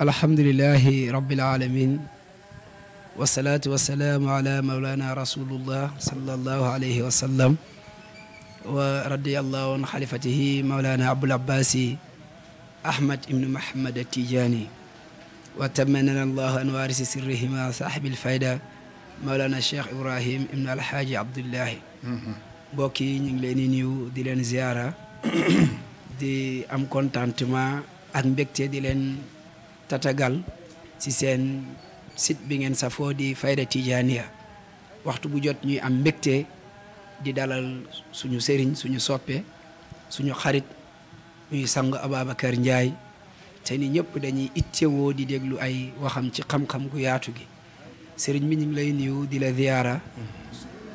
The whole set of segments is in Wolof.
alhamdulilahi rabbil alamin wasalaatu wasalaamu ala mawlana rasulullah sallallahu alayhi wa sallam wa radiyallahu an xalifatihi mawlana abul abbasi ahmad ibnu mahamad atijani wa tamanana allahu an warisi sirrihima sahibil fayda mawlana cheikh ibrahim ibnu alhaaji abdullahi mbokk yi ñu ngi leen di nuyu di leen ziara di am contentement ak mbégte di leen tatagal ci seen site bi ngeen safoo di Fayda Tijaaniya waxtu bu jot ñuy am mbégte di dalal suñu sëriñ suñu soppee suñu xarit ñuy sang Ababacar Ndiaye te ni ñëpp dañuy ittewoo di déglu ay waxam ci xam-xam gu yaatu gi sëriñ mi ñu lay nuyu di la ziyaara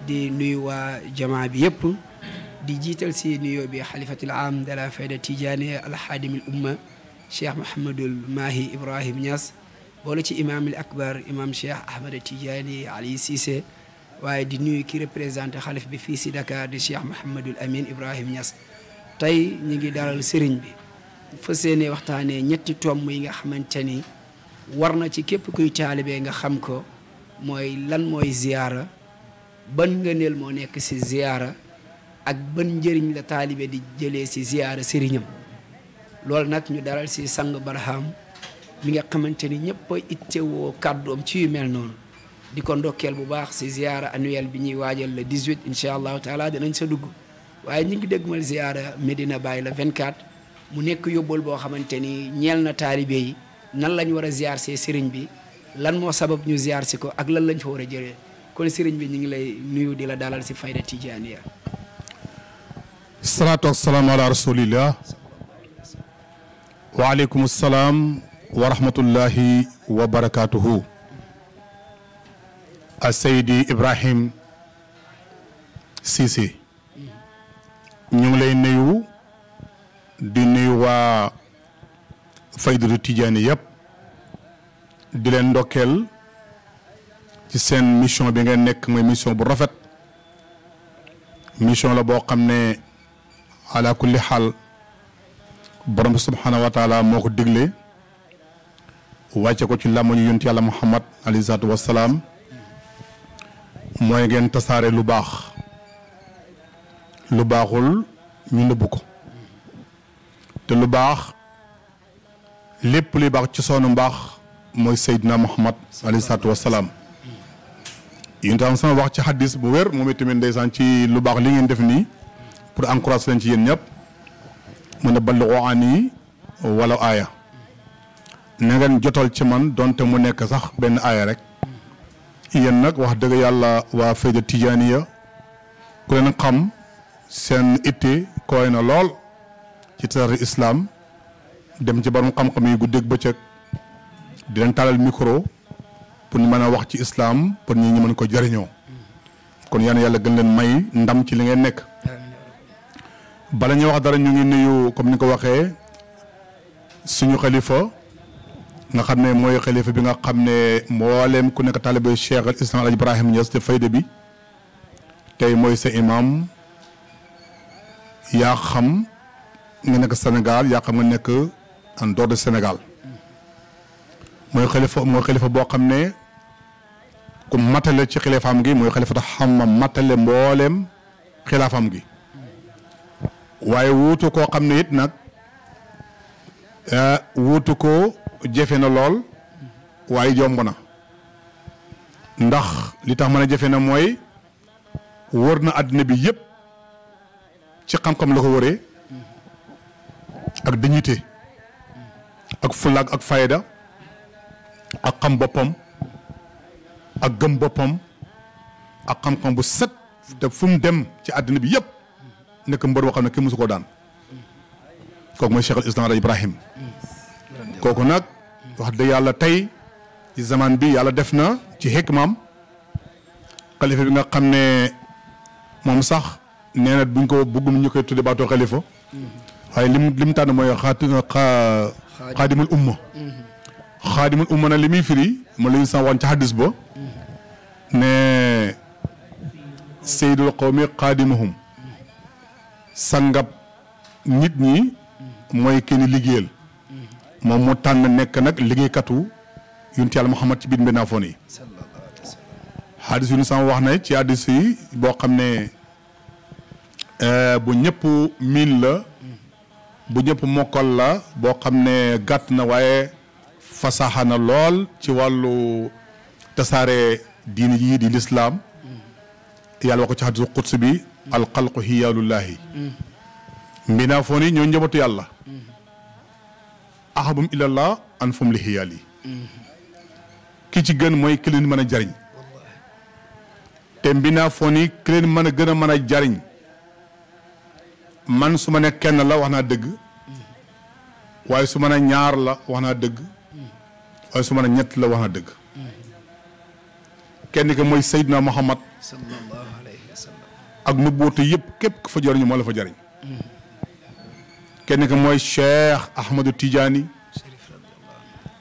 di nuyu waa jamaa bi yëpp di jiital si nuyoo bi xalifatul am de la Fayda Tijaaniya alxaadimil umma cheikh Mouhamadul Mahi Ibrahim Niass boole ci imaam il akbar imaam cheikh Ahmed Tidiane Ali Cissé waaye di nuyu ki représenté xalif bi fii si Dakar di cheikh Mouhamadul Amin Ibrahim ñas tey ñu ngi dalal sëriñ bi fas yéene waxtaanee ñetti toom yi nga xamante ni war na ci képp kuy taalibee nga xam ko mooy lan mooy ziyaara ban ngëneel moo nekk si ziyaara ak ban njëriñ la taalibe di jëlee si ziyaara sëriñam loolu nag ñu daral si sang Barham mi nga xamante ni ñëpp a ittewoo kàddoom ci yu mel noonu di ko ndokkeel bu baax si ziara annuelle bi ñuy waajal le 18 incha allahu taala danañ sa dugg waaye ñu ngi dégmal ziara Medina Baye la 24 mu nekk yóbbal boo xamante ni ñeel na taalibe yi nan lañ war a ziar see sëriñ bi lan moo sabab ñu ziar si ko ak lan lañ fa war a jëlee kon sëriñ bi ñu ngi lay nuyu di la dalal si fayda tijaaniya ya wassalaamu ala وعليكم السلام ورحمة الله وبركاته السيد إبراهيم سيسي نملي نيو دي نيو فايدر تيجاني يب دي لن دوكل تي سين ميشون بيغا نيك مي ميشون بو رافت ميشون لا بو خامني على كل حال borom bi subhaanahu wa taala moo ko digle wàcce ko ci làmmiñu yonent yàlla muhammad alayhi salaatu wassalaam mooy ngeen tasaare lu baax lu baaxul ñu nëbb ko te lu baax lépp luy baax ci soonu mbaax mooy Seydina Muhammad alayhi salaatu wassalaam yéen tam sama wax ci xaddis bu wér moom itamit ndeysaan ci lu baax li ngeen def nii pour encourager leen ci yéen ñëpp mu ne ballugu ani wala aaya na jotal ci man donte mu nekk sax benn aaya rek yéen nag wax dëgg yàlla waa fayda ya ku leen xam seen itti kooy na lool ci tasaare islam dem ci borom xam-xam yi guddeeg bëccëg di leen taalal micro pour ñu mën a wax ci islaam pour ñi ñu mën ko jëriñoo kon yal na yàlla gën leen may ndam ci li ngeen nekk. bala ñuy wax dara ñu ngi nuyu comme ni ko waxee suñu xalifa nga xam ne mooy xalifa bi nga xam ne mbooleem ku nekk taalibe Cheikh al Islam Alaaji Ibrahima Niass te fayda bi tey mooy sa imam yaa xam nga nekk Sénégal yaa xam nga nekk en dehors de Sénégal mooy xalifa mooy xalifa boo xam ne ku matale ci xilaafam gi mooy xelifa tax xam matale mbooleem xilaafam gi waaye wuutu koo xam ne it nag eh, wuutu ko jafe na lool waaye jomb na ndax li tax mën a jafe na mooy wër na àddina bi yëpp ci xam-xam la ko wëree ak dignité ak fulaag ak fayda ak xam boppam ak gëm boppam ak xam-xam bu set te fu mu dem ci àddina bi yëpp nekk mbër boo xam ne kenn mësu koo daan kooku mooy Cheikh al Islam Ibrahim kooku nag wax dëgg yàlla tey ci zaman bi yàlla def na ci xikmaam xalifa bi nga xam ne moom sax nee buñ ko bëggum ñu koy tudde baatoo xalifa waaye lim lim tànn mooy xaati xaadimul umma xaadimul umma na li muy firi moom la ñu san woon ci hadis ba ne seydul qawmi xaadimuhum sangab nit ñi mooy kenn liggéeyal moom mu tànn nekk nag liggéeykatu yonent yàlla Muhammad ci biir mbindaafoon yi xaadis yu nu sama wax na ci xaadis yi boo xam ne eh, bu ñëpp miin la bu ñëpp mokkal la boo xam ne gàtt na waaye fasaxa na lool ci wàllu tasaare diin yi di lislaam yàlla wax ko ci xadisu quds bi alxalqu xiyaalullaahi mbinaa foo ñoo njabootu yàlla ahabum ilallah an fum li xiyaal yi ki ci gën mooy ki leen mën a jariñ te mbinaa foo ni ki leen mën a gën a mën a jariñ man su ma ne kenn la wax naa dëgg waaye su ma ñaar la wax naa dëgg waaye su ma ne ñett la wax naa dëgg kenn ki mooy Muhammad ak nubboote yëpp képp ki fa jëriñu moo la fa jëriñ kenn ki mooy Cheikh Ahmadou Tidiane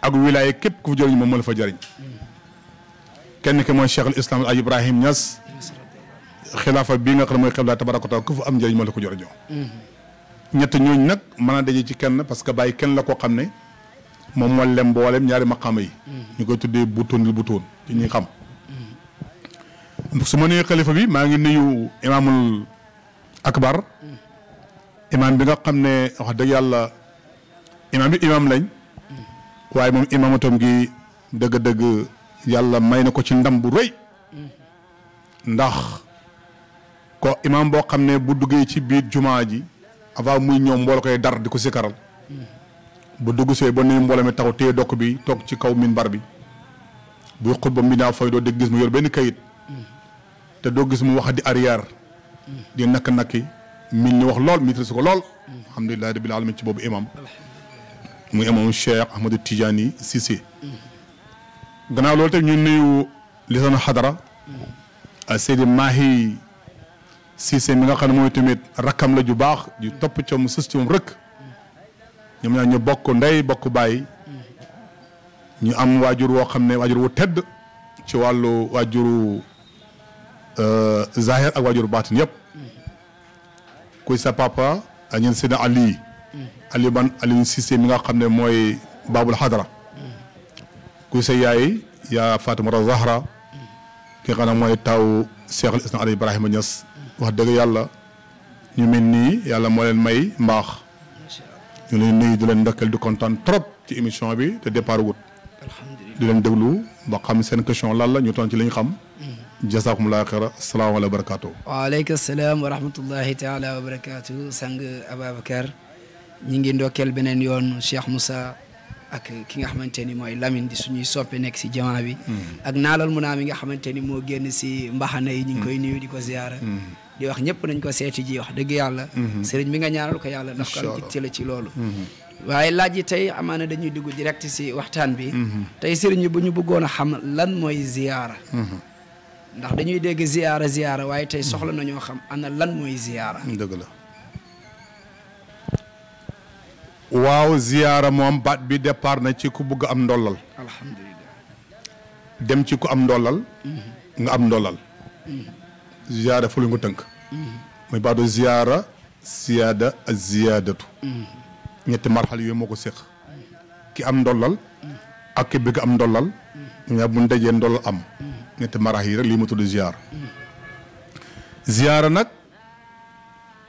ak wilaya képp ku fa jëriñu moom moo la fa jëriñ kenn ki mooy Cheikh al Islam al Ibrahim Niass xilaafa bi nga xam ne mooy xibla tabaraka taala am njëriñ moo la ko jëriñoo. ñett ñooñu nag mën a daje ci kenn parce que bàyyi kenn la koo xam ne moom moo lem mboolem ñaari maqaama yi. ñu koy tuddee butoon li butoon ci xam. su ma nuyoo xalifa bi maa ngi nuyu imaamul akbar imaam bi nga xam ne wax dëgg yàlla imaam bi imaam lañ waaye moom imaamatam gi dëgg-dëgg yàlla may na ko ci ndam bu rëy ndax ko imaam boo xam ne bu duggee ci biir jumaa ji avant muy ñëw mbooloo koy dar di ko sikaral bu dugg see ba nuyu mbooloo mi taxaw te dokk bi toog ci kaw bar bi buy xutba mi naa fay doo dégg gis mu yor benn kayit te doo gis mu wax di arrière di nakk nakki mi ñu wax lool maîtrise ko lool alhamdulilahi rabbil alamin ci boobu imam muy imam Cheikh Ahmadou Tidiane Cissé gannaaw loolu tamit ñu nuyu lisanu xadara Seydi Mahi Cissé mi nga xam ne mooy tamit rakkam la ju baax ju topp ci moom sës ci moom rëkk ñoom ñaar ñu bokk ndey bokk bàyyi ñu am waajur woo xam ne waajur wu tedd ci wàllu waajuru zahir ak waajur baatin yëpp kuy sa papa ak ñun seen ali ali ban ali Cissé mi nga xam ne mooy baabul xadara kuy sa yaay yaa Fatimata Zahra ki nga xam ne mooy taw Seexul Islaam Ali Ibrahima Niass wax dëgg yàlla ñu mel nii yàlla moo leen may mbaax ñu leen nuyu di leen ndokkeel di kontaan trop ci émission bi te départ wut di leen déglu ba xam seen question lan la ñu toon ci li ñu xam jasakumulaa xayra salaamaaleykum wa barakaatu. waaleykum salaam wa rahmatullahi taala wa barakaatu sang Ababacar ñi ngi ndokkeel beneen yoon Cheikh Moussa ak ki nga xamante ni mooy Lamine di suñuy soppe nekk si jamaa bi. Mm-hmm. ak naalal mu naa mi nga xamante ni moo génn si mbaxana yi. ñu ngi koy mm-hmm. nuyu di ko ziyaara. Mm-hmm. di wax ñëpp nañ ko seeti ji wax dëgg yàlla. sëriñ bi nga ñaanal ko yàlla. incha allah ndax la ci loolu. waaye laaj yi tey amaana dañuy dugg direct si waxtaan bi. tey sëriñ bi bu ñu bëggoon a xam lan mooy ziyaara. ndax dañuy dégg ziyaara ziyaara waaye tey soxla nañoo xam ana lan mooy ziyaara. dëgg la. waaw ziyaara moom baat bi départ na ci ku bëgg am ndollal. alhamdulilah. dem ci ku am ndollal. Mm-hmm. nga am ndollal. Mm-hmm. ziyaara fu lu nga tënk. muy mm-hmm. baatu ziyaara siyaada ak ziyaadatu. ñetti marxal yooyu moo ko séq. ki am ndollal. ak ki bëgg am ndollal. nga bu ñu ndollal am. ñetti marax yi rek lii ma tudd ziar ziar nag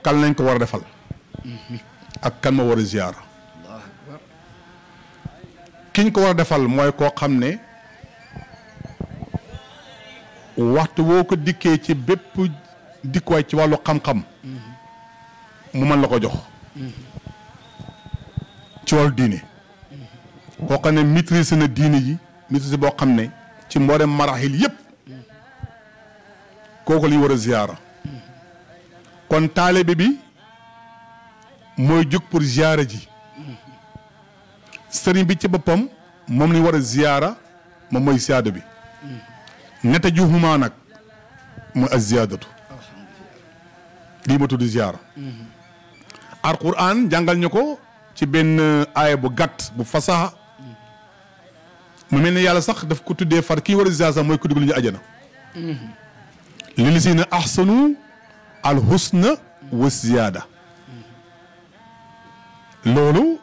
kan lañ ko war a defal ak kan ma war a ziar kiñ ko war a defal mooy koo xam ne waxtu woo ko dikkee ci bépp dikkuwaay ci wàllu xam-xam mu mën la ko jox ci wàllu diine boo xam ne maîtrise na diine ji maîtrise boo xam ne ci mboolem maraxil yëpp kooku lañu war a ziyaara kon taalibe bi mooy jug pour ziyaara ji sëriñ bi ci boppam moom lañu war a ziyaara moom mooy ziyaada bi nete ju xumaa nag mooy ak ziyaadatu lii ma tudd ziyaara alquran jàngal ñu ko ci benn aaya bu gàtt bu fasaxa ممن يالا صاح داف كو تودي فار كي وري زازا موي كو دغلو ادينا للذين احسنوا الحسن والزياده لولو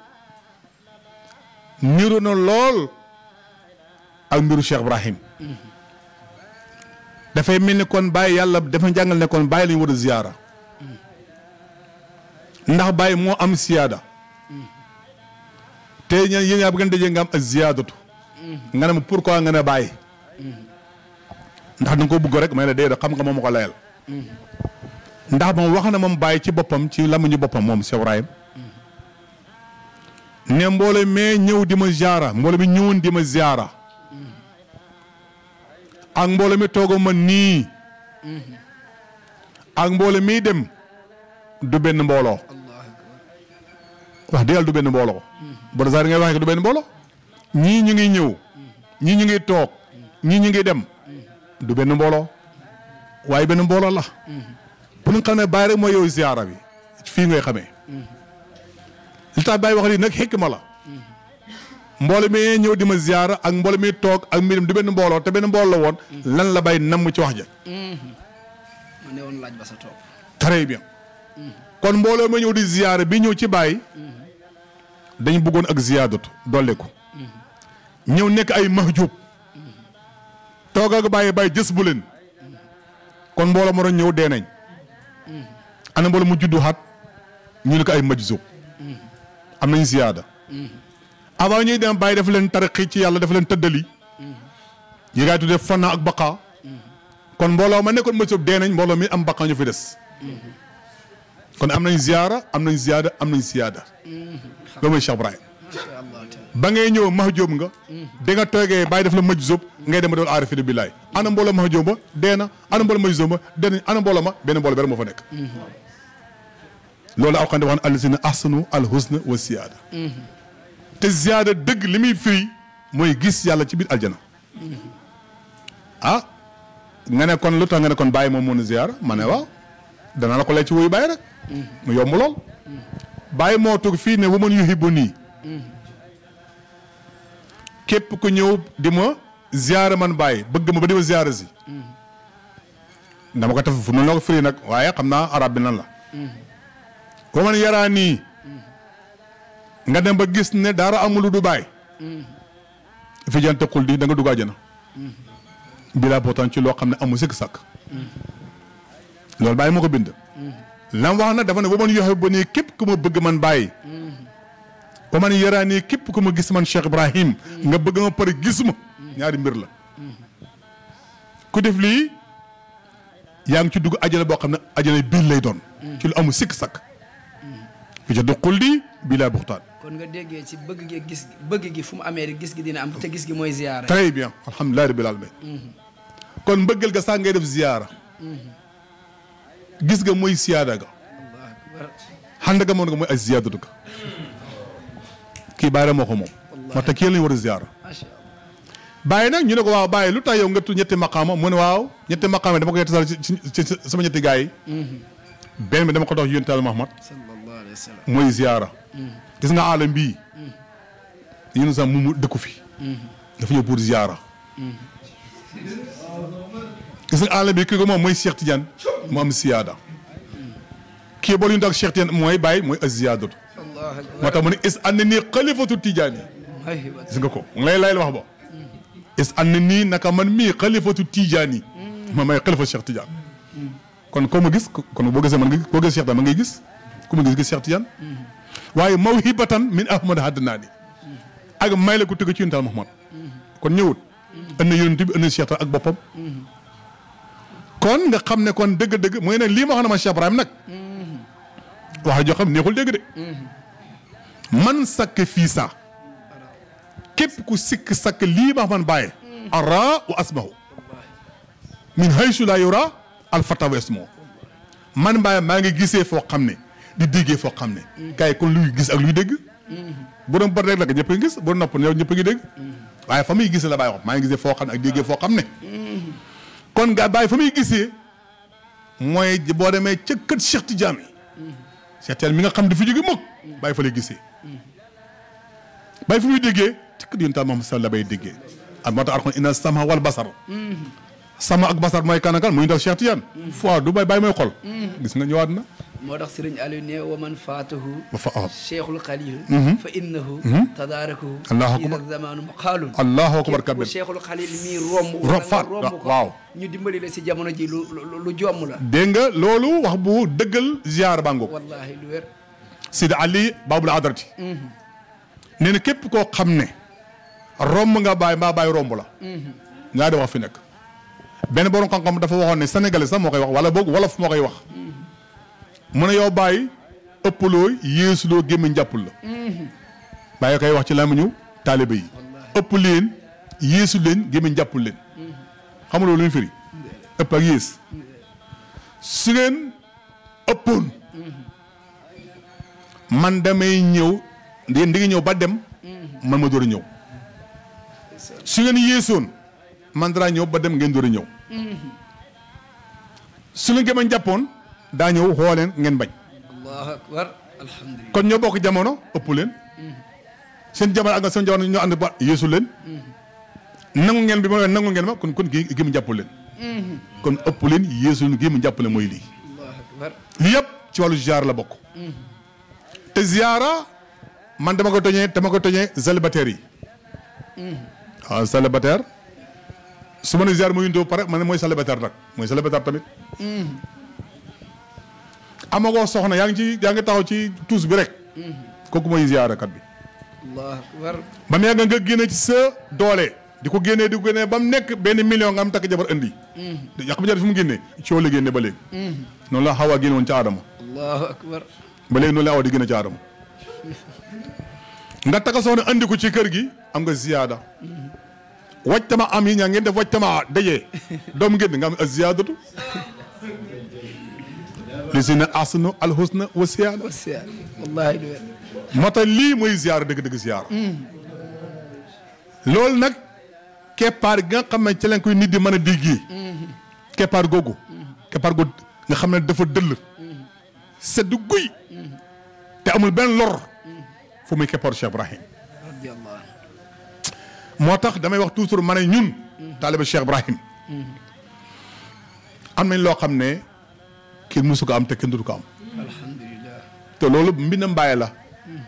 نيرونا لول اك نيرو شيخ ابراهيم دا فاي ملني كون باي يالا دا فا جانغال نيكون باي لي وري زياره ناخ باي مو ام زياده تي ني ني ابغن دجي ngam زيادته nga ne ma pourquoi nga ne bàyyi. ndax da ko bëgg rek may la déedéet xam nga moom ko layal. ndax moom wax na ma mu bàyyi ci boppam ci lamuñu boppam moom Cheikh Ibrahim ne mboole mee ñëw di ma ziara mboole mi ñëwoon di ma ziara ak mboole mi tooga ma nii ak mboole mii dem du benn mbooloo wax dëgg du benn mbooloo. Mm-hmm. Barzari ngay waxee du benn mbooloo. ñii ñu ngi ñëw ñii ñu ngi toog ñii ñu ngi dem du benn mbooloo waaye benn mbooloo la bu ñu xam ne bàyyi rek mooy yow ziyaara bi fii ngay xamee li tax bàyyi wax lii nag ma la mboolo mi ñëw di ma ziyaara ak mboolo mi toog ak mi dem benn mbooloo te benn mbooloo la woon lan la bàyyi namm ci wax ja ma laaj ba sa toog kon mbooloo ma ñëw di ziyaara bi ñëw ci bàyyi dañu buggoon ak ziyaadatu dolli ko ñëw nekk ay mahjub toog ak bàyyi bàyyi jës bu leen kon mbooloo moroon ñëw dee nañ ana mbooloo mu juddu xat ñu ne ko ay majzub am nañ ziyaada avant ñuy dem bàyyi daf leen tarixi ci yàlla daf leen tëddali yi ngay tuddee fana ak baqa kon mbooloo ma nekkoon majzub dee nañ mbooloo mi am baqa ñu fi des kon am nañ ziyaara am nañ ziyaada am nañ ziyaada loolu mooy Cheikh ba ngay ñëw mahjoob nga mm-hmm. di nga toogee bàyyi def la majjoob ngay dem doon aarifina billaay ana mbooloo mahjoob ba dee na ana mbooloo majjoob ba dee na ana mbooloo ma benn mbooloo benn moo fa nekk mm-hmm. loolu awxam de wax na allasina ahsanu alhusna wa ziyaada mm-hmm. te ziyaada dëgg li muy firi mooy gis yàlla ci biir aljana ah nga ne kon lu tax nga kon bàyyi moom mën a ma ne waaw danaa la ko lay ci wuyu bàyyi rek mu yomb lool bàyyi moo toog fii ne waman yuhibbu nii képp ku ñëw di ma ziyaara man bàyyi bëgg ma ba di ma ziyaara si dama ko taf fu mu la ko firi nag waaye xam naa arab bi nan la wa man yaraa nga dem ba gis ne dara amul du bàyyi fi jante xul di da nga dugg àjjana bilaa ci loo xam ne amul sikk sàkk loolu bàyyi moo ko bind lam wax nag dafa ne wa man yuhibbu nii képp ku ma bëgg man bàyyi ba man yaraani képp ku ma gis man Cheikh Ibrahim nga bëgg ma pare gis ma ñaari mbir la ku def lii yaa ngi ci dugg ajana boo xam ne ajana biir lay doon ci lu amul sikk sakk ku ca duqul di bii laa buxtaan kon nga déggee ci bëgg gi gis bëgg gi fu mu amee gis gi dina am te gis gi mooy ziyaara très bien alhamdulilah rabbil alamin kon mbëggal ga saa ngay def ziyaara gis ga mooy siyaada ga xanda moon nga mooy ay ziyaadatu ga kii bàyyi la moo ko moom. moo tax kii lañu war a ziar. bàyyi ñu ne ko bàyyi lu tax yow ñetti maqaama mu ne waaw ñetti maqaama dama ko yettisal ci ci sama ñetti gars yi. Mm-hmm. benn bi dama ko dox yonent Yàlla Muhammad. sallallahu alayhi wa sallam mooy ziara. Mm-hmm. gis nga alam bii. yéen sax mu dëkku fi. Mm-hmm. dafa ñëw pour ziara. gis nga alam kii ko moom mooy Cheikh Tidiane mu am siyaada. kii boole yu ñu doon ak Cheikh Tidiane mooy bàyyi mooy az moo tax mu ne is ànd nii xalifatu tijaani gis nga ko mu lay lay la wax ba is ànd nii naka man mii xalifatu tijaani mm. ma may xalifa Cheikh Tidiane kon koo ma gis kon boo gisee man nga boo gisee Cheikh Tidiane ma ngay gis ku ma gis gis Cheikh Tidiane mm. waaye mawhibatan min ahmad haddanaani mm. ak may la ko tëgg ci yonental Muhammad kon ñëwut ën na yonent bi ën na Cheikh Tidiane ak boppam kon nga xam ne kon dëgg-dëgg mooy nag lii ma xam ne man Cheikh Ibrahim nag wax joo xam neexul dégg de man sakk fii saa képp ku sikk sakk lii ma man bàyyi ara wa asmahu min haysu la yura al fatawa asmahu man bàyyi maa ngi gisee foo xam ne di déggee foo xam ne gars yi kon luy gis ak luy dégg bu doon bët rek la ñëpp ngi gis bu doon nopp yow ñëpp a ngi dégg waaye fa muy gisee la bàyyi maa ngi gisee foo xam ne ak déggee foo xam ne kon nga bàyyi fa muy gisee mooy boo demee ca kër Cheikh seeteel mi nga xam dafa jóge mukk bay fa lay gisee bàyyi fu muy déggee ci kër yonent Muhammad sal bay déggee ak moo tax alxon inna sama wal basar mm-hmm. sama ak basar mooy kan ak kan muy ndaw Cheikh Tidiane fois du bay bàyyi mooy xol mm-hmm. gis nga ñëwaat na moo dax sëriñ Aliou ne wa man faatahu wa fa ah. cheikhul xalil mhm. fa mhm. akbar kabir cheikhul xalil mii romb romb romb ko waaw ñu dimbali la si jamono ji lu lu jomm loolu wax bu dëggal ziar bàngo wallahi Ali Babul Adrati mhm. nee na képp koo xam ne romb nga bàyyi mbaa bàyyi romb la ngaa di wax fi nekk benn borom xam-xam dafa waxoon ne sénégalais sax wax wala boog wolof moo koy wax mu ne yow bàyyi ëpp yéesu loo gémmiñ jàppul la bàyyi koy wax ci làmmiñu taalibe yi ëpp leen yéesu leen gémmiñ jàppul leen xamuloo lu ñu firi ëpp ak yées su ngeen ëppoon man damay ñëw yéen di ñëw ba dem man ma door a ñëw su ngeen yéesoon man dara ñëw ba dem ngeen door a ñëw su jàppoon daa ñëw xoo ngeen bañ. kon ñoo bokk jamono ëpp leen. Mm-hmm. seen jamono ak seen jamono ñoo ànd ba yeesu leen. Mm-hmm. nangu ngeen bi ma nangu ngeen ma kon kon kii kii mu jàpp leen. Mm-hmm. kon ëpp leen yeesu leen kii jàpp leen mooy lii. yépp ci wàllu ziar la bokk. te ziara man dama ko toñee dama ko toñee célibataire yi. waaw célibataire su ma nee ziar muy indoo pare man mooy célibataire nag mooy célibataire tamit. amagoo soxna yaa ngi ci yaa ngi ci tuus bi rek kooku mooy bi allah akbar ba mu yàgg nga génne ci sa doole di ko génnee di ko génnee ba mu nekk benn million nga am takk jabar indi mm-hmm. yàq bi jar mu génnee ci la génne ba léegi mm-hmm. noonu la xaw a génne woon ci aadama allahu akbar nga takk soxna indi ko ci kër gi am nga ziyaada mm-hmm. wajtama am yi ñaa ngeen def wajtama dajee doom génn nga am a ziyaadatu لزين أحسن الحسن وسيان وسيان والله يدوير متى لي موي زيارة دك دك زيارة لول نك كبار غان قام يتلان كوي ندي من ديجي كبار غوغو كبار غو نخمن دفع دل سدو غوي تأمل بين لور فمي كبار شيخ إبراهيم رضي الله موتاخ دامي وقت توصل من ينون طالب الشيخ إبراهيم أنا من لو خمنه kenn mësu ko am te kenn du ko am. te loolu mbina Baay la.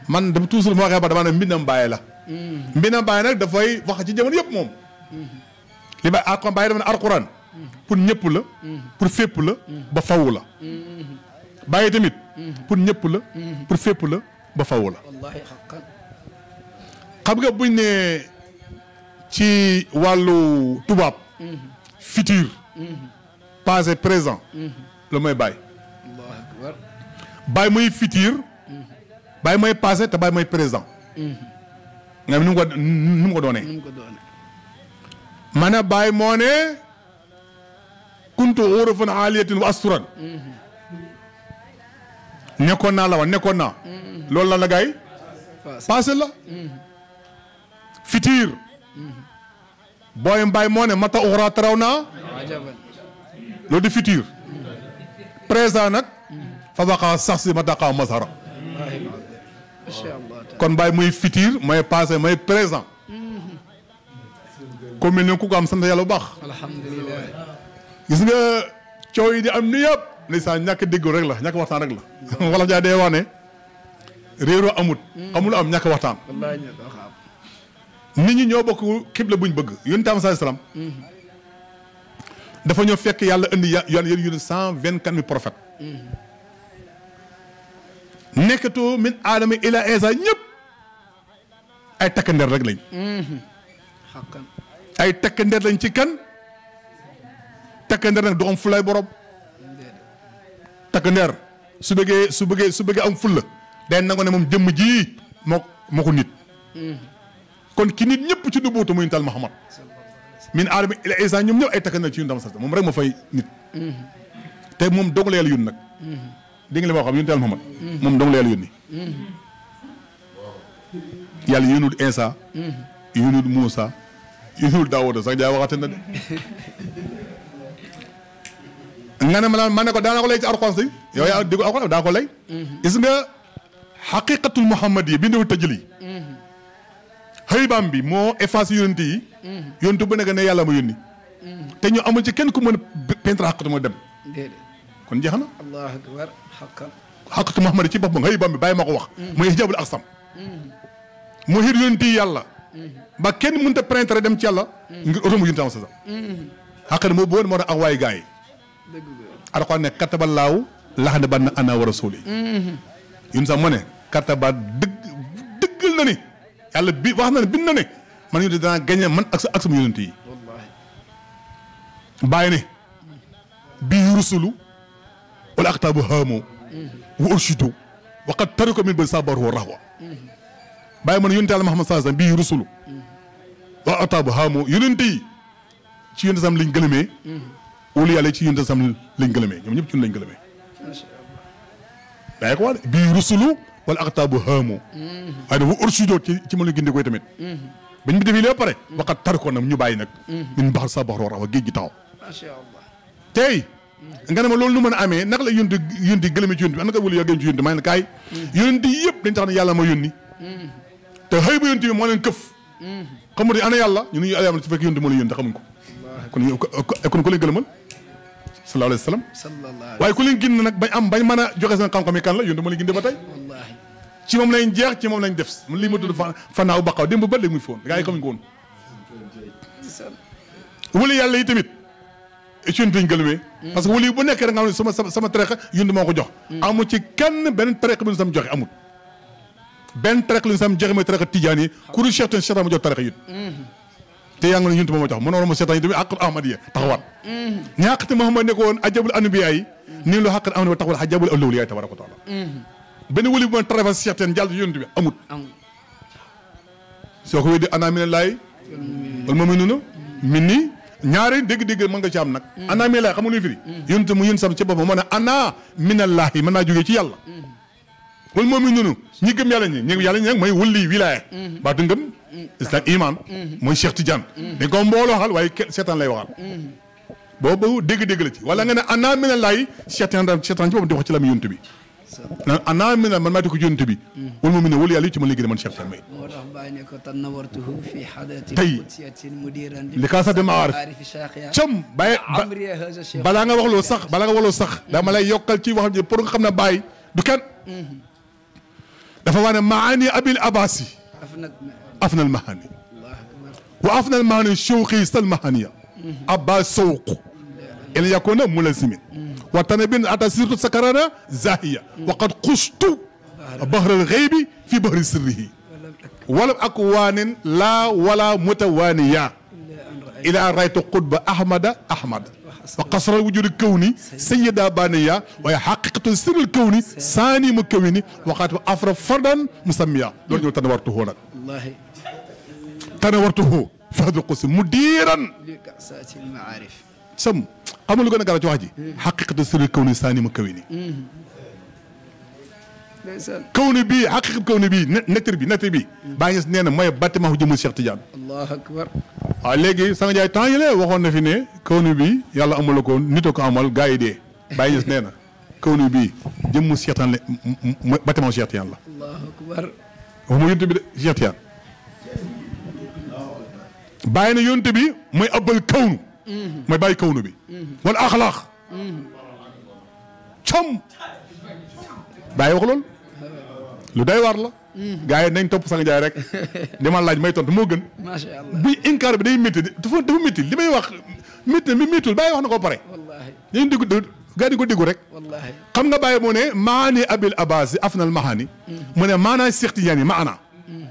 man dafa toujours ma waxee ba dama ne mbindam Baay la. Mm. mbindam Baay nag dafay wax ci jamono yëpp moom. Mm-hmm. li may ah Baay dama ne alquran mm-hmm. pour ñëpp la. Mm-hmm. pour fépp la. ba faw la. tamit. pour ñëpp la. fépp la ba faw la. xam nga buñ ne ci wàllu tubaab. futur. passé présent. la mooy baay baay mooy futur baay mooy passé te baay mooy présent nga ni ko ni mu ko doonee mana baay moo ne kuntu urufan aliyatin wa asturan nekkoon naa la nekkoon naa lool la la gaay passé la futur booy mbaay moo ne mata taraw naa loolu di futur 13 ans nag fa sax ma daqaa masara kon bàyyi muy futur mooy passé mooy présent comme mel ni ku ko am sant yàlla bu baax alhamdulilah gis nga coow yi di am ni yëpp ndeysaan ñàkk déggul rek la ñàkk waxtaan rek la wala jaa dee wax ne réeroo amut xamul am ñàkk waxtaan nit ñi ñoo bokk xibla buñ bëgg yonent am salaam dafa ñëw fekk yàlla indi ya yoon yéen yu ne vingt quatre mille prophètes mm-hmm. nekkatoo min aadama ila isa ñëpp ay takkandeer rek lañ. Mm-hmm. ay takkandeer lañ ci kan takkandeer nag du am fulay borom takkandeer su bëggee su bëggee su bëggee am fulla day nangu ne moom jëmm ji moo moo ko nit mm-hmm. kon ki nit ñëpp ci nubuutu muy tal Muhammad min aadama ila isa ñoom ñëpp ay takkanal ci yun dama moom rek ma fay nit te moom dong la yàlla yónni nag di li ma xam yun teel yàlla yónni yàlla yónniwul Isa yónniwul sax jaay waxate de nga ne ma naan man ne ko daana ko lay ci Alxuraan si yow yaa di ko Alxuraan daa ko lay gis nga xaqiqatul Muhammad yi bi ndewu tëjël yi haybam bi mo efface yonti yontu bu nek ne yalla ma yoni te ñu amul ci kenn ku mëna a peintre mo dem kon jeexna allah akbar xaqan hakku Muhammad ci boppam haybam bi bay mako wax mooy hijabul aqsam moo hir yonti yalla ba kenn mënta a peintre dem ci yalla ngir oto mu yonent am sa xaqan mo bu woon moo ak way gaay yi ko ne kataballahu laaw lax ana wa rasuli mm-hmm. yun sax ne kataba deug dëggal na ni yàlla bi wax na ne bind na ne man ñu danaa gañe man ak sa ak sama yonent yi bàyyi ne bii rusulu wala axtaabu haamoo wa urshidu waqad tariko min ba sabar wa rahwa bàyyi man yonent yàlla Muhammad sallallahu alayhi wasallam bii rusulu wala axtaabu haamoo yonent yi ci yonent sam liñ gëlëmee wala ci yonent sam lañ gëlëmee ñoom ñëpp ci lañ gëlëmee bàyyi ko wax bii rusulu wala aqtaabu haamu waaye dafa ursidoo ci ci mën a gindee koy tamit bañ bi defee lépp pare waxat tar ko nag ñu bàyyi nag min baxar sa baxar war awa géej gi taxaw masha Allah tey nga ne ma loolu nu mën a amee naka la yónni yónni gëlëme ci yónni bi an naka wala yoo gën ci yónni maa ne kaay yónni yëpp dañ tax ne yàlla ma yónni te xëy ba yónni moo leen këf mm. xamu ne ana yàlla ñu ne yàlla su fekk yónni moo la yónni xamuñ ko kon kon ko leen gëlëmal sallallahu alayhi wa sallam waaye ku leen gindi nag bañ am bañ mën a joxe seen xam-xam yi kan la yonent moo leen gindi ba tey ci moom lañ jeex ci moom nañ def lii ma tudd fanaaw baqaw démb ba léegi muy foon gaa yi xamuñ ko woon wuli yàlla yi tamit ci yonent lañ gëlmee parce que wuli bu nekkee rek nga xam ne sama sama tariqa yonent moo ko jox amul ci kenn benn tariqa bu ñu sam joxe amul benn tariqa lu ñu sam joxe mooy tariqa tijaan yi kuru cheikh tun cheikh ma jox tariqa yit te yaa ngi ne ñun tamit ma jox mënoo ma seetaan tamit àqul ahmadiya taxawaat. ñi àqati Muhammad ne ko woon a anbiya yi. nii lu àqal am na ba taxawal ajabul awliya yi tabaraka taala. benn wëli bu ma traversé Cheikh Tine jàll ci yonent bi amut. soo ko weddi ana mina laay. wala moom mi min nii ñaari dégg-dégg mën nga ci am nag. ana mina laay xam nga lu ñu firi. yonent mu yéen sam ci boppam moo ne ana mina laay mën naa ci yàlla. wal moom nunu ñi gëm yàlla ñi ñi yàlla ñi mooy wëlli wilaaya baatu ngëm islam iman mooy Cheikh Tidiane dañ ko mbooloo waxal waaye seetaan lay waxal boobu dégg-dégg la ci wala nga ne ana mina laay seetaan daan seetaan ci boobu ci la mu yonent bi naan ana mina man maa di bi wal moom ne wëlli yàlla ci ma lay gën a man Cheikh Tidiane may moo li ka sax de maarif cam bàyyi balaa nga wax loo sax balaa nga wax loo sax dama lay yokkal ci wax ji pour nga xam ne baay du kenn دفعنا معاني أبي الأباسي abil المهني afna المهني الشوقي wa afna al mahani shawqi يكون ملزما وتنبين اتى سيرت سكرنا زاهيه وقد قشت بحر الغيب في بحر سره ولم اكوان لا ولا متوانيا الى ان رايت قطب احمد احمد وقصر الوجود الكوني سيدة بانية وهي حقيقة السر الكوني ثاني مكوني وقد أفر فردا مسميا لو تنورته هنا الله تنورته في القسم مديرا لكأسات المعارف سم قاموا لقنا قالت واحد حقيقة السر الكوني ثاني مكوني كوني بي حقيقة كوني بي نتر بي نتر بي باغي نينا ما موي ما هو جمهور الشيخ تيجان الله اكبر اه لغي سانغ جاي تان يلي واخون نفي كوني بي يلا امول كو نتو كامل امال غاي دي باغي نيس نينا كوني بي جمهور الشيخ تان باتما الشيخ تيجان الله الله اكبر هما يونت بي الشيخ تيجان باغي يونت بي ما يقبل كون ما يباي كون بي والاخلاق كم باي وخلول lu doy war la. gaay nañ top sang jaay rek dima laaj may tont mo gën. macha allah bi inkar bi day métti dafa dafa métti limay wax métti mi méttiwul bàyyi wax na pare. wallaahi dañuy dugg dugg gars diggu rek. wallaahi xam nga bàyyi moo ne maani abil abbas afnal mahaani. mu ne maanaay Cheikh Tidiane maana.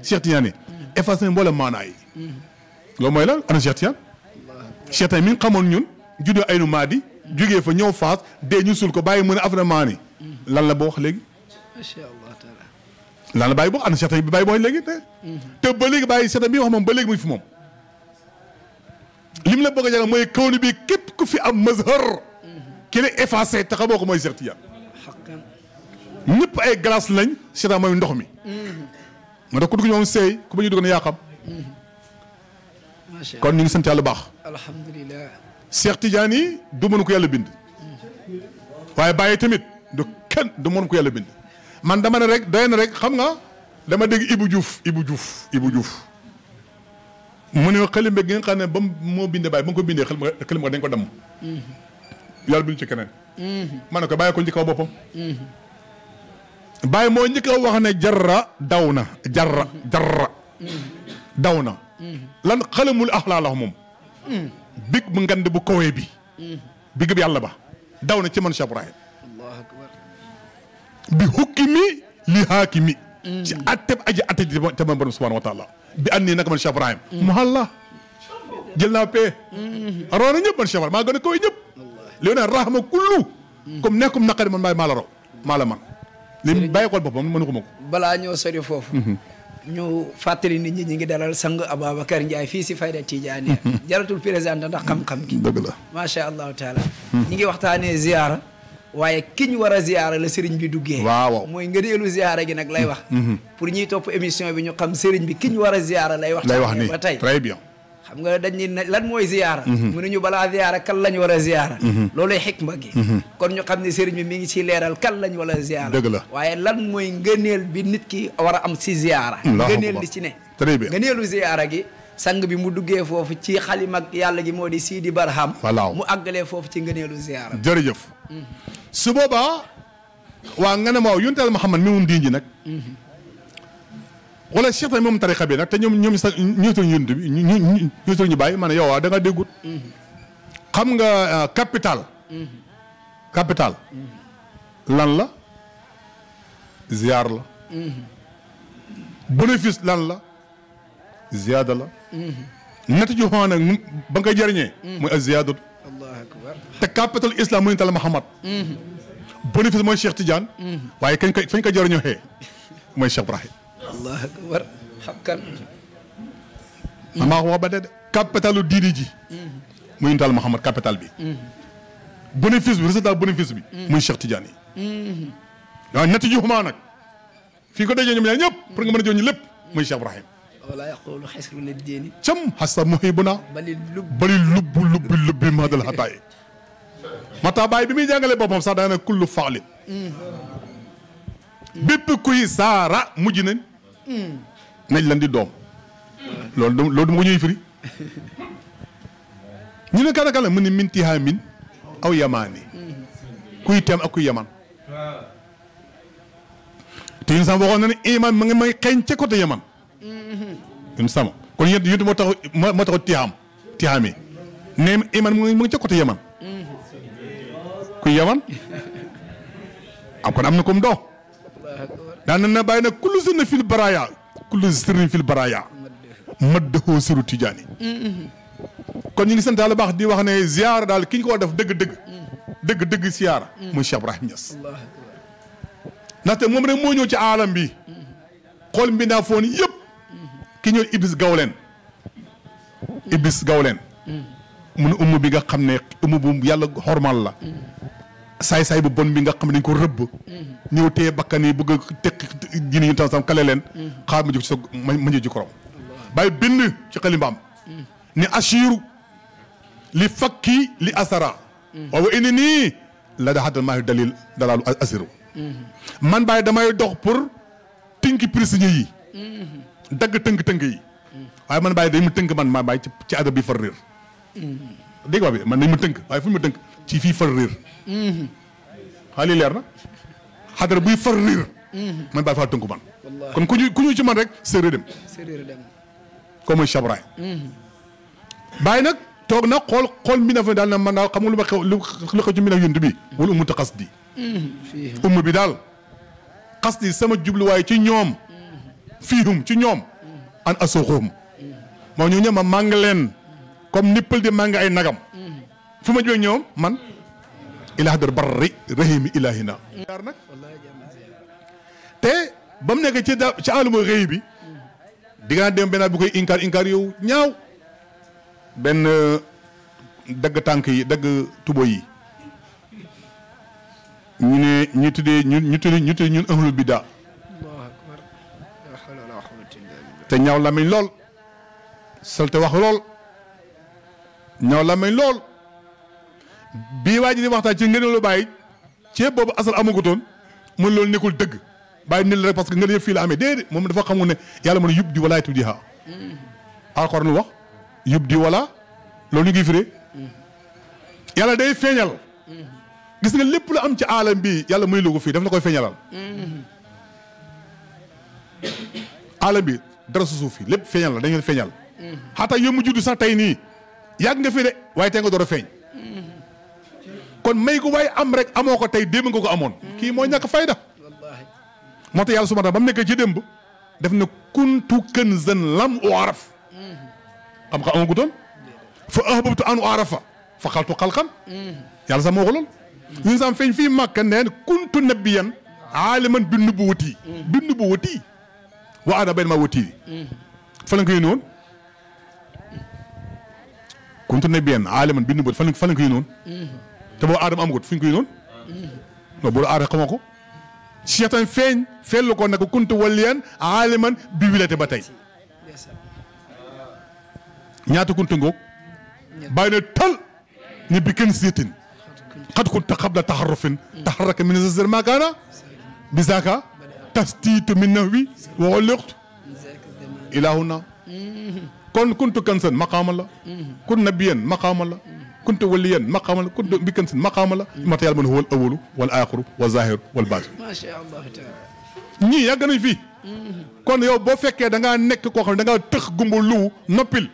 Cheikh Tidiane effacé mboolem maanaa yi. loolu mooy lan ana Cheikh Tidiane. Cheikh Tidiane mi ngi ñun juddoo aynu maadi. jugee fa ñëw faas dee ñu suul ko bàyyi mu ne afna maani. lan la boo wax léegi. macha allah. lan la bàyyi boo ana seetaan bi bàyyi booy léegi te. te ba léegi bàyyi seetaan bi wax moom ba léegi mu ngi fi moom. lim la bëgg a jàngal mooy kawni bi képp ku fi am mazhar. ki la effacé te xamoo ko mooy Cheikh Tidiane. ñëpp ay glace lañ seetaan mooy ndox mi. moo tax ku dugg ñoom seey ku ba ñu dugg ne yaa xam. kon ñu ngi sant yàlla baax. alhamdulilah. Cheikh Tidiane yi du mën ko yàlla bind. waaye bàyyi tamit du kenn du mën ko yàlla bind. man dama ne rek doyna rek xam nga dama deg Ibou Diouf Ibou Diouf Ibou Diouf mune ne xëlimbe gi nga xam ne ba moo bindee bàyyi ba nga ko bindee xëlim xëlim dañ ko damm yàlla buñ ci kenen ma ne ko bàyyi ko njëkk a boppam bàyyi moo njëkk a wax ne jarra dawna jarra jarra dawna na lan khalamul ahlalahum la moom big bu ngand bu kowe bi big bi yàlla ba dawna ci man chabrahim bi hukki mi li haaki mi ci atteb aji atte ji te man borom subhanahu wa taala bi an nii naka man Cheikh Ibrahim mohalla mm. jël naa pee mm. raw na ñëpp man Cheikh Ibrahim maa gën a kawe ñëpp léegi nag rahma kullu mm. comme nekkum naqari man maay maa la raw maa la man li bàyyi ko boppam mënu ko ma ko balaa ñoo sori foofu mm-hmm. ñu fàttali nit ñi ñi ngi dalal sang Ababacar Ndiaye fii si Fayda Tidiane mm-hmm. jaratul président ndax xam-xam gi dëgg la macha allahu taala mm-hmm. ñi ngi waxtaanee ziyaara waaye kiñ wara war a ziyaara la sëriñ bi duggé waaw mooy ngëneelu ziaré gi nag lay wax mm-hmm, mm-hmm. pour ñuy topp émission bi ñu xam sëriñ bi ki wara war a lay wax lay wax ba très bien xam nga dañ ni lan mooy ziaré mm-hmm. mu ñu balaa ziaré kan lañ war a lolé looluy gi kon ñu xam ne sëriñ bi mi ngi ci leeral kan lañ wala ziaré ziyaara dëgg la waaye lan mooy ngëneel bi nit ki war a am ci ziaré ngëneel li ci ne très bien ngeenelu ziaré gi sang bi mu duggee foofu ci xalimag yàlla ji moo di Sidi Barham. mu àggalee foofu ci ngëneelu ziyaara. jërëjëf. su boobaa. waa nga ne ma waaw yonental Muhammad mi mun diin ji nag. wala Cheikh tamit moom tariqa bi nag te ñoom ñoom sax ñëwatuñu yonent bi ñu ñu ñu ñëwatuñu bàyyi man a yow waa da nga xam nga euh, capital. capital. lan la. ziyaar la. bénéfice lan la. زيادة لا نتيجة هون بنك جرني مو زيادة الله أكبر تكابتل الإسلام مين تعلم محمد بنيفيس مو الشيخ تيجان واي كن فين كجرني هي مو الشيخ براهي الله أكبر حقا ما هو بدد كابتل الدين جي مين تعلم محمد كابتل بي بنيفيس رزق بنيفيس بي مو الشيخ تيجاني يعني نتيجة هون في كده جاني مليان يب بنك مني جاني لب مو الشيخ براهي wala yaqulu xesru na diini cam xasta muhibuna bali lubbu lubbi lubbi madal xataay mata baay bi muy jàngale boppam sax daana kullu faali bépp kuy saara mujj nañ nañ lan di doom loolu du loolu du ko ñuy firi ñu ne kan ak la mu ne min aw yamaani kuy teem ak kuy yaman te yéen sax waxoon na ne iman ma ngi may xeeñ ca côté yaman une sama kon yéen yéen moo tax moo tax tiyaam tiyaam yi nee mu ngi ca côté yaman mm-hmm. ku yaman am ah, kon am na comme doo daan na bàyyi nag kullu sirrin fil baraya kullu sirrin fil baraya maddahu siru tijaani mm-hmm. kon ñu ngi sant daal baax di wax ne ziyaara daal ki ko war def dëgg-dëgg dëgg-dëgg mm-hmm. ziyaara muy Cheikh Ibrahim Niass ndaxte moom rek moo ñëw ci aalam bi xool mbindaa foon yëpp ki ñëw iblis gaw leen iblis gaw leen mu ne umm bi nga xam ne umm bu yàlla xormal la saay-saay bu bon bi nga xam ne dañ ko rëbb ñëw te bakkan yi bëgg a tekki jini ñu tam-sam kale leen xaar ma jóg ci sa ma ji korom bàyyi bind ci xalimbaam ni ashiru li fakki li asara waaw ini nii la daxatal maa ngi dalil dalaalu asiru man bàyyi damay dox pour tinki prisonnier yi dagg tënk-tënk yi waaye man bàyyi dañ mu tënk man maa bàyyi ci ci adab bi far réer bi man dañ mu tënk waaye fu ñu ma tënk ci fii far réer xaa leer na xadara buy far réer man bàyyi faa tënku man kon ku ñu ci man rek séeréer dem séeréer dem comme nag toog na xool xool mbi na fa daal na man daal xam nga lu ma xew lu bi wala umu ta xas di umm bi daal xas di sama jubluwaay ci ñoom fiihum ci ñoom an asuxuhum moo ñu ñëw ma màng leen comme nippal di màng ay nagam fu ma jógee ñoom man ilaa dor barri rahimi ilahina jaar nag te ba mu nekk ci da ci àlluma réy bi di nga dem benn bu koy inkaar inkaar yow ñaaw benn uh, dagg tànk yi dagg tubo yi ñu ne ñu tuddee ñu ñu tuddee ñu tuddee ñun ahlul bida te ñaaw lamiñ lool salte wax lool ñaaw lamiñ lool bii waa ji di waxtaan ci ngeen lu bàyyi ceeb boobu asal amagutoon mën loolu nekkul dëgg bàyyi nil rek parce ngeen yëpp fii la amee déedéet moom dafa xamul ne yàlla mën a yub di wala tuuti ha wax yub di wala loolu ñu day feeñal gis nga lépp lu am ci aalam bi yàlla muy fii daf la koy feeñalal mm-hmm. aalam bi dara su suuf fi lépp feeñal la dañu feeñal xataa yow juddu sax tey nii yàgg nga fi de waaye tey nga door a feeñ kon may ko waaye am rek amoo ko tey démb nga ko amoon kii mooy ñàkk fayda moo tax yàlla subhanahu ba mu nekkee ci démb def na kuntu kanzan lam u'raf xam nga amagu doon fa ahbabtu an u'rafa fa xaltu xalqan yàlla sax moo ko lool ñun sax feeñ fii màkka neen kuntu nabiyan aaliman bi nubuwati bi nubuwati وأنا بين موتي فلان كي كنت نبيان عالم بين بود فلان فلان كي نون تبو ادم امغوت فين كي نون نو بول ادم خمكو شيطان فين فين لو كنت كنت وليان عالما بيبلته باتاي نياتا كنت نغوك باين تل ني سيتين قد كنت قبل تحرف تحرك من الزر ما كان بذاك تستيت من نهوي وغلقت إلى هنا كن كنت كنسن مقام الله كن نبيا مقام الله كنت وليا مقام الله كنت بكنسن مقام الله ما تعالى من هو الأول والآخر والظاهر والباطن ما شاء الله تعالى ñi ya nañ fii kon yow boo fekkee da ngaa nekk koo xam ne da ngaa tëx gumba lu noppil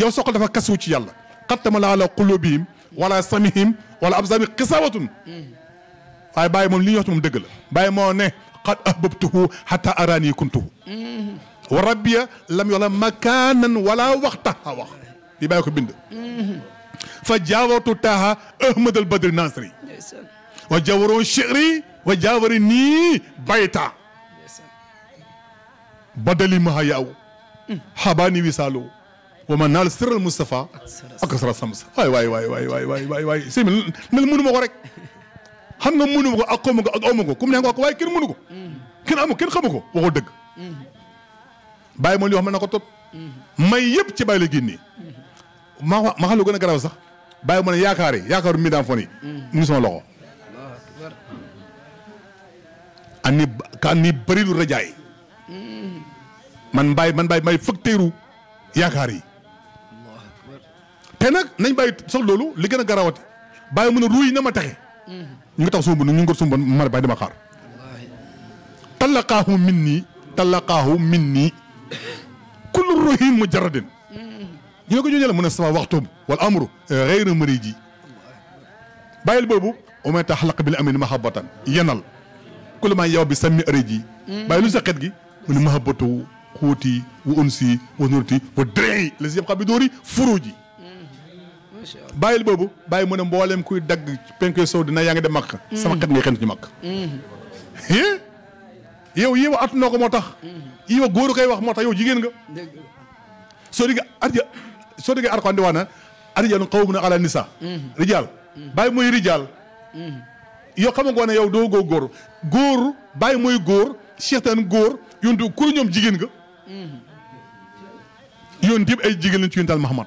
yow soxla dafa kasu ci yàlla xattama la ala qulubihim wala samihim wala absami qisawatun waye baye mom li ñu wax mom deug la baye mo ne qad ahbabtuhu hatta arani kuntu wa rabbi lam yola makanan wala waqta wa di baye ko bind fa jawatu taaha ahmad al badr nasri wa jawru shi'ri wa jawri ni bayta badali ma yaw habani wisaaloo wama نال سر المصطفى اكثر سمس واي واي واي واي واي واي واي waay waay sëñ bi nel mënuma ko xam nga mënu ko ak xamu ko ak amu ko ku mu ne nga ko waaye kenn mënu ko kenn amu kenn xamu ko waxoo dëgg bàyyi ma li wax ma na ko topp may yëpp ci bàyyi la génnee ma ma xam lu gën a sax bàyyi ma ne yaakaar yi yaakaaru mi daan fon yi mu ngi sama man bàyyi man bàyyi may facteeru yaakaar yi te nag nañ bàyyi sax loolu li gën a garaawate bàyyi mu ne ruuy na ma taxe ñu ngi tax sumb ñu ngi ko sumboon ma ne bàyyi dama xaar talaqaahu min nii talaqaahu min nii kullu ruhin mujarradin ñu ne ko ñooñu la mu amru xeyru mëri bàyyil boobu omee tax xalaq bi la amee ni mahabatan yenal kullu maa yow bi sammi ëri ji bàyyi sa xet gi mu ne mahabatu xuuti wa unsi wa nurti wa dréyi la si yëpp xam bi dóori furu bàyyil boobu bàyyi mu ne mbooleem kuy dagg penku sow dina yaa ngi dem makk. sama xet ngay xent ci makk. Mm-hmm. Eh? yow yii wa attunoo ko moo tax. Mm-hmm. yii wa góoru koy wax moo tax yow jigéen nga. soo déggee arja soo déggee arqaan di wax na arrijaalu qawwaamuuna alaa nisaa. Mm-hmm. rijaal bàyyi mooy rijaal. yow xam nga ne yow doo góor góor góor bàyyi mooy góor seetaan góor yontu ku ñoom jigéen nga. yoon yëpp ay jigéen lañ ci yontaal Muhammad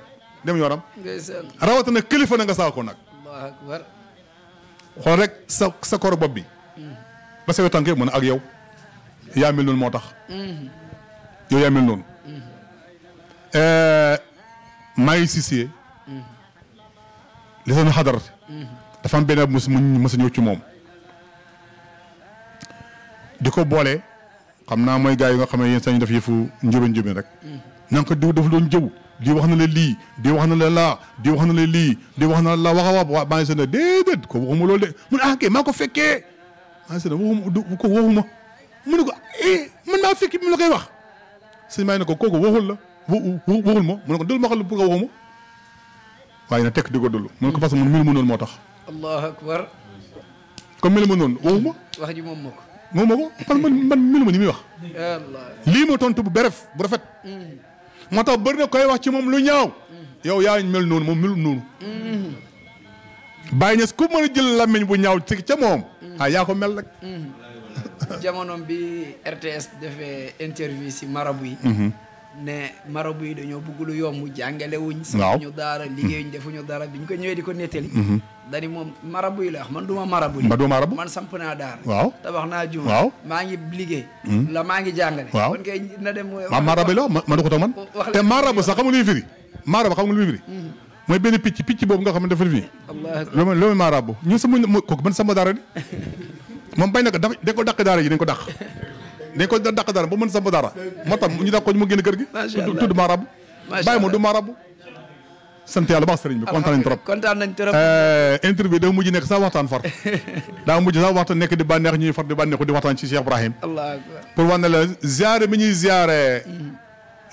dem yoonam. rawatina kilifa na nga saako ko nag. xool rek sa sa kor bopp bi. Mm. ba sa tànk mën a ak yow. yaa noonu moo tax. Mm-hmm. yow yaa noonu. maa ngi sisiyee. li seen xadar. Mm-hmm. dafa am benn mos mos a ñëw ci moom. di ko boole. xam naa mooy gars yi nga xam ne yéen sañ def yëfu njëbën njëbën rek. Mm-hmm. na ko diw daf doon jëw. di wax na le li di wax na le la di wax na le li di wax na la laa wax a wax maa ngi seen déedéet ko waxuma lol de mu ah ke mako fekke fekkee maa ngi seen waxuma ko waxuma mu ne ko eh man ma fekke mu la koy wax sëñ may ne ko kooku waxul la waxul mo mu ne ko dul ma xal pour ko waxuma waaye na tek di dul mu ne ko parce que mun mil mu non motax allah akbar ko mil mu noonu waxuma wax ji mom moko mom moko man mil mu ni mi wax allah li mo tontu bu beref bu rafet moo tax bëri na koy wax ci moom lu ñaaw yow yaa mel noonu moom melul noonu bàyyi ñes ku mën a jël làmmiñ bu ñaaw ci ca moom ah, yaa ko mel rek jamono bi RTS defee interview si marabu yi mhm. ne marabu yi dañoo bëgg lu mu jàngale wuñ. waaw ñu daara mm-hmm. liggéeyuñ defuñu dara biñ ko ñëwee di ko nettali. Mm-hmm. dani moom marabu yi la wax man du ma marabu ma du marabu man samp naa daara. waaw tabax naa juma. waaw maa ngi liggéey. Mm-hmm. la maa ngi jàngale. waaw kon kay na dem. ma marabu la man du ko toog man. te marabu sax xam nga firi. marabu xam nga lu ñuy firi. mooy benn picc picc boobu nga xam ne dafa fi. alhamdulilah loolu loolu marabu ñun sama kooku man sama daara di moom bañ na ko dafa dañ ko dàq daara yi dañ ko dàq dañ ko doon dàq dara ba mën samp dara moo tax ñu dàq ko ñu mu génn kër gi tudd maarabu bàyyi moom du maarabu sant yàlla baax sëriñ bi kontaan nañ trop kontaan nañ eh, mujj nekk sa waxtaan far daa mujj sax waxtaan nekk di bànneex ñuy far di bànneexu di waxtaan ci Cheikh Ibrahim allah pour wane la ziare bi ñuy ziare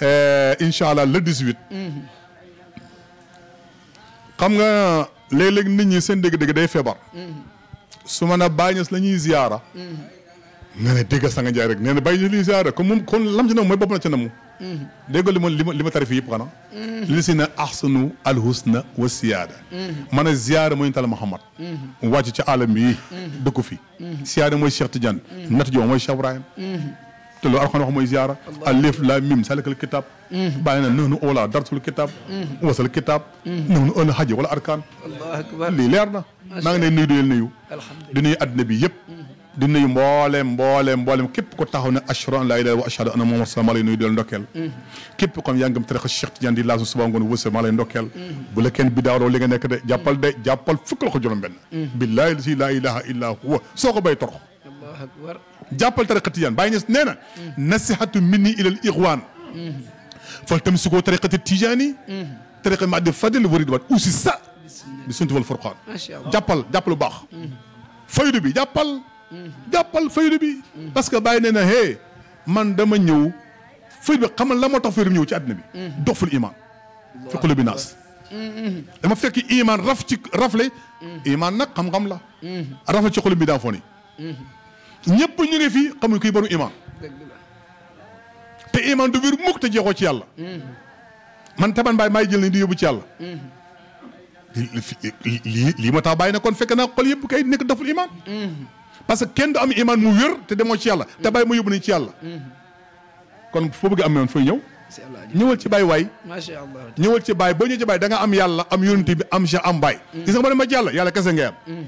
eh, incha allah le 18 xam nga léeg-léeg nit ñi seen dégg mm-hmm. ñuy ziara mm-hmm. nee na sanga jare rek nee li bàyyi lii ziara comme moom kon lam ci namu mooy bopp na ci namu déggal li ma li ma li ma tarif yëpp xanaa li ahsanu alhusna wa siyaada man a ziara mooy tal Muhammad wàcc ci alam bi dëkku fi siyaada mooy Cheikh Tidiane nat joo mooy Cheikh Ibrahim te loolu alxuraan wax mooy ziara alif la mim salikal kitab bàyyi na nahnu awla darsul kitab wasal kitab nahnu ël xaji wala arkaan lii leer na maa ngi ne nuyu di leen nuyu di nuyu àddina bi yëpp di nuyu mboolem mboolem mboolem képp ko taxaw ne ashhadu an laa ilaaha wa ashhadu anna Muhammadan rasulullah lay nuyu di ndokel kep képp yangam tere ngam Cheikh Tidiane di laasu suba ngone wosse malay ndokel bu la bi bidaawloo li nga nek de jàppal de jàppal fuk la ko juróom benn billaahi la ilaha illa huwa soo ko bay torox allah akbar jàppal tere tarixa Tidiane bàyyi nes nee nasihatu minni ila al ikhwan fal tamsikoo tariqati Tijaani tariqa Mahdi Fadil warid waat aussi ça bi suntu wal furqaan jàppal jàppal bu bax faydu bi jàppal jàppal faydu bi parce que bàyyi nee na hé man dama ñëw faydu bi xamal la moo tax faydu bi ñëw ci àddina bi doxful iman fi qulubi naas dama fekk iman raf ci rafle nag xam-xam la rafle ci xulub bi daa foni ñëpp ñu ngi fii xamuñ kuy baru iman te iman du biir mukk te jeexoo ci yàlla man taban baay maay jël ni di yóbbu ci yàlla lii lii ma tax bàyyi na kon fekk naa xol yëpp kay nekk daful iman parce que kenn du am iman mu wér te demoo ci yàlla te bàyyi mu yóbbu nañ ci yàlla kon foo bëgg am yoon fooy ñëw ñëwal ci baay waay macha allah ñëwal ci baay boo ñëwee ci baay da am yàlla am yonent bi am Cheikh am baay mm-hmm. gis nga ba dem ba ci yàlla yàlla kese nga am mm-hmm.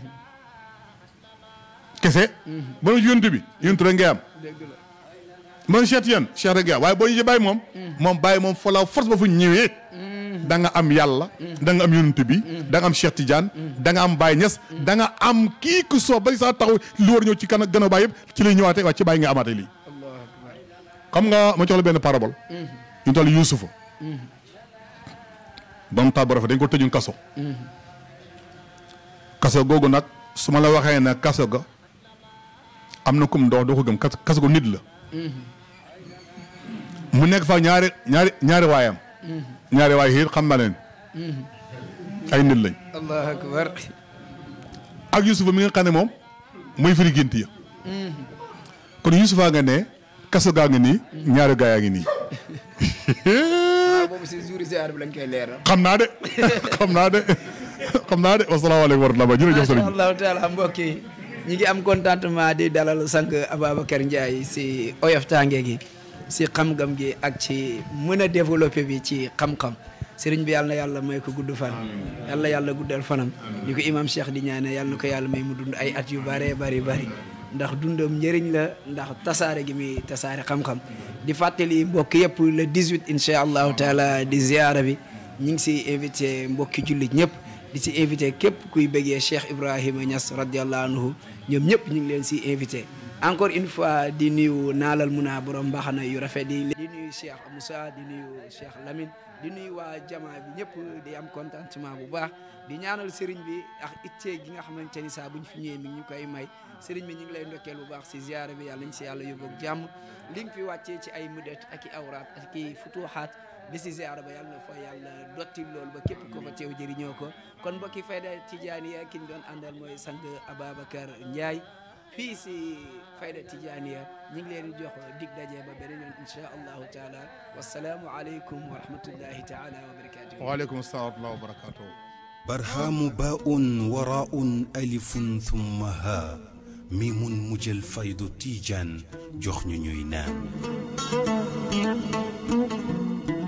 kese mm-hmm. ba dem ci yonent bi yonent rek ngay am man Cheikh Tijaan Cheikh rek ngay am waaye boo ñëwee ci baay moom mm. moom baay moom fa la force ba fu ñëwee mm. da nga am yàlla da nga am yonent bi da am Cheikh Tidiane danga am Baye Niass danga am kii ku soo ba saa taxaw lu war ñëw ci kan gën a Baye ci lay ñëwaatee waaye ci Baye nga amaatee lii xam nga ma jox la benn parabole ñu toll Yuusufa ba mu tàbbaroo fa dañ ko kaso kaso googu nag su ma la waxee ne kaso ga am na kum ndox doo ko gëm kaso ko nit la mu nekk fa ñaari ñaari waayam ñaari waay xiit xam naa leen mm-hmm. ay nit lañ allahu akbar ak yusufa mi nga xam ne moom muy firi gént ya mm-hmm. kon yusufa nga ne kaso gaa ngi nii mm-hmm. ñaari gaa yaa ngi nii boobu si jour si bi lañ koy leeral xam naa de xam naa de xam naa de wasalaamaaleykum wa rahmatulah ba jërëjëf sëriñ allahu taala mbokk yi ñu ngi am contentement di dalal sang Ababacar Ndiaye si oyof tànge gi si xam-xam gi ak ci mën a développé bi ci xam-xam sëriñ bi yàlla yàlla may ko gudd fan yàlla yàlla guddal fanam ñu ko imam Cheikh di ñaane yàlla na ko yàlla may mu dund ay at yu bare bari bari ndax dundam njëriñ la ndax tasaare gi mi tasaare xam-xam di fàttali mbokk yëpp le 18 incha allahu taala di ziara bi ñu ngi si invité mbokki jullit ñëpp di si invité képp kuy bëggee Cheikh Ibrahima Niass radiallahu anhu ñoom ñëpp ñu ngi leen si invité encore une fois di nuyu naalal mu naa borom mbaxana yu rafet yi. di nuyu Cheikh Moussa di nuyu Cheikh Lamine di nuyu waa jamaa bi ñëpp di am contentement bu baax di ñaanal sëriñ bi ak ittee gi nga xamante ni saa bu ñu fi ñëwee mi ñu koy may sëriñ bi ñu ngi lay ndokkeel bu baax si ziyaara bi yàlla si yàlla yóbbu jàmm li nga ci ay mudet ak i awraat ak i futuxaat bi si ziyaara ba yàlla na fa yàlla dotti loolu ba képp ko fa teew jëriñoo ko kon mbokki fayda Tijaaniya ki ñu doon àndal mooy sang Ababacar Ndiaye fii si fayda tijaaniya ñi ngi leen di jox dig daje ba beneen yoon insha allahu taala wasalaamu aleykum wa rahmatullahi taala wa barakatuh waaleykum assalam wa rahmatullahi wa barakatuh barhamu baun waraun alifun thumma ha mimun mujël faydu tijaan jox ñu ñuy naan